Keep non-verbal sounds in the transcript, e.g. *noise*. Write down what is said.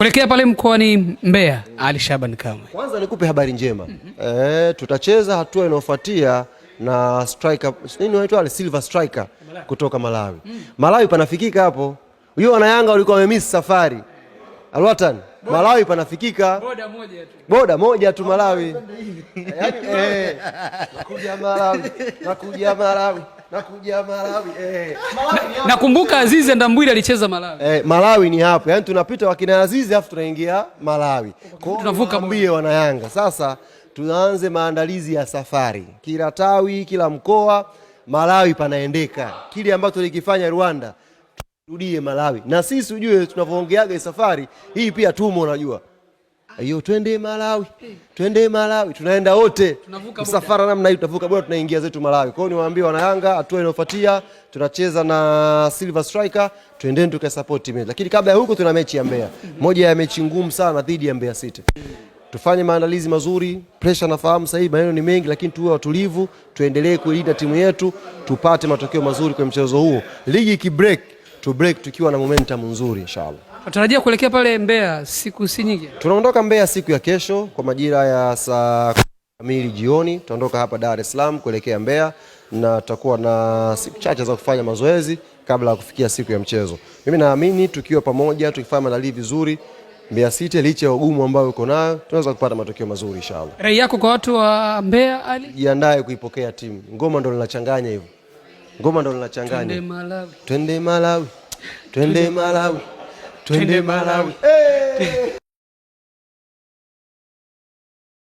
Kuelekea pale mkoani Mbeya, Ali Shaban Kamwe, kwanza nikupe habari njema mm -hmm. E, tutacheza hatua inayofuatia na striker nini anaitwa Silver Striker Malawi, kutoka Malawi mm. Malawi panafikika hapo. Huyo wana Yanga walikuwa wamemiss safari Alwatan Malawi panafikika boda moja tu, boda moja tu Malawi. *laughs* Eh, eh. nakuja Malawi, nakuja Malawi, nakuja Malawi eh. Nakumbuka Azizi Ndambwile alicheza Malawi eh, Malawi ni hapo. Yaani tunapita wakina Azizi afu tunaingia Malawi, tunavuka mbie wana Yanga. Sasa tuanze maandalizi ya safari, kila tawi, kila mkoa Malawi panaendeka, kile ambacho tulikifanya Rwanda Turudie Malawi na sisi, ujue tunavyoongeaga safari hii pia tumo, unajua hiyo, twende Malawi, twende Malawi, tunaenda wote msafara namna hii, tutavuka bora, tunaingia zetu Malawi. Kwa hiyo niwaambie wana Yanga, hatua inayofuatia tunacheza na Silver Striker, twendeni tukasupport mechi, lakini kabla ya huko tuna mechi ya Mbeya, moja ya mechi ngumu sana dhidi ya Mbeya City. Tufanye maandalizi mazuri, pressure nafahamu sasa hivi maneno ni mengi, lakini tuwe watulivu, tuendelee kuilinda timu yetu, tupate matokeo mazuri kwa mchezo huo, ligi ikibreak to break tukiwa na momentum nzuri inshallah. Tunatarajia kuelekea pale Mbeya siku si nyingi. Tunaondoka Mbeya siku ya kesho kwa majira ya saa kamili jioni, tutaondoka hapa Dar es Salaam kuelekea Mbeya na tutakuwa na siku chache za kufanya mazoezi kabla ya kufikia siku ya mchezo. Mimi naamini tukiwa pamoja, tukifanya maandalizi vizuri, Mbeya City licha ya ugumu ambao uko nayo, tunaweza kupata matokeo mazuri inshallah. Rai yako kwa watu wa Mbeya, Ali? Jiandae kuipokea timu. Ngoma ndio linachanganya hivyo ngoma ndo linachanganya. Twende Malawi, twende Malawi, twende Malawi, twende Malawi. Hey!